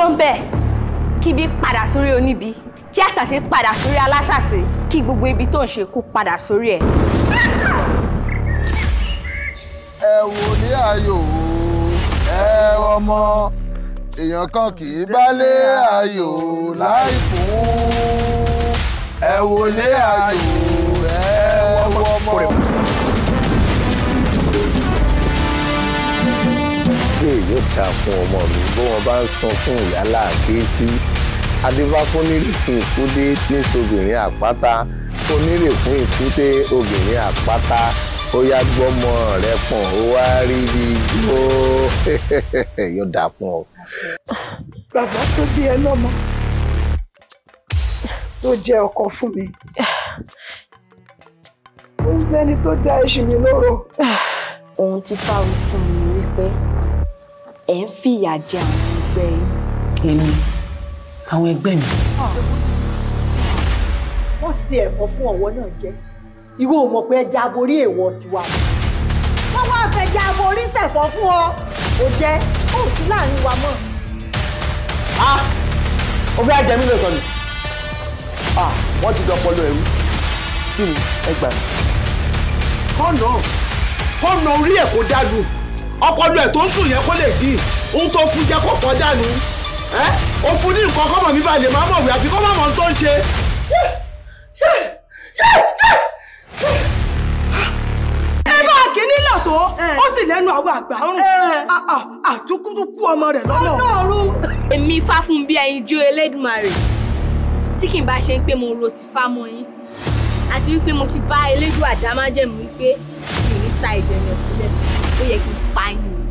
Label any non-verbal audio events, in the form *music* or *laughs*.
dúró ń bẹ̀ kí ibi padà sórí oníbi kí àṣàṣe padà sórí aláṣàṣe kí gbogbo ibi tó ń ṣe kó padà sórí ẹ̀. ẹ wò ní ayò ẹ ọmọ èèyàn kan kì í bálé ayò láì fún ẹ wò ní ayò. èyí ò dáa fún ọmọ mi bó wọn bá ń san fún ìyá láàbí tí adébáfónírì fún ìkúdé níṣobìnrin àpáta fónírì fún ìkúté obìnrin àpáta ó yá gbọ́mọ rẹ pọ̀n ó wá rí bí ó *laughs* yóò dáa fún ọ. bàbá tó bí ẹ lọ́mọ tó jẹ́ ọkọ fún mi ó ń lẹ́ni tó dá iṣu mi lóró. *sighs* ohun tí fáwọn fún mi ni wípé fìyà jẹ àwọn ẹgbẹ́ yìí. èmi àwọn ẹgbẹ́ mi. wọ́n ṣe ẹ̀fọ́ fún ọ̀wọ́ náà jẹ́ ìwọ ò mọ̀ pé ẹja borí èèwọ̀ tiwa. wọ́n wá fẹja borí ṣẹ̀fọ́ fún ọ ò jẹ́ ó sí láàrin wa mọ́. a ah, ó fẹ́ jẹ mí lè sọ ni ah, wọ́n ti dọpọlọ ẹ̀rú kí ni ẹ gbà. kọ́nà kọ́nà orí ẹ̀ kò dájú ọpọlọ ẹ̀ tó ń sùn yẹn kó lè dín ohun tó fún jẹ́ kó kọjá nu ẹ́ o fún ní nǹkan kọ́mọ̀ mi balẹ̀ máa mọ̀ wí àfi kọ́mọ̀ mọ̀ tó ń ṣe. ẹ bá a kì í nílò tó ó sì lẹ́nu àwọn àgbà ọ̀run àtúkútúkú ọmọ rẹ̀ lọ́nà ọ̀run. èmi fáfúnbí ẹyin jó elédùmarè tí kì í bá ṣe pé mo ro ti fá mọ yín àti wípé mo ti bá elédùn àdámájẹ̀mú wípé kì í ta ìdènà sílẹ̀. voy a equipar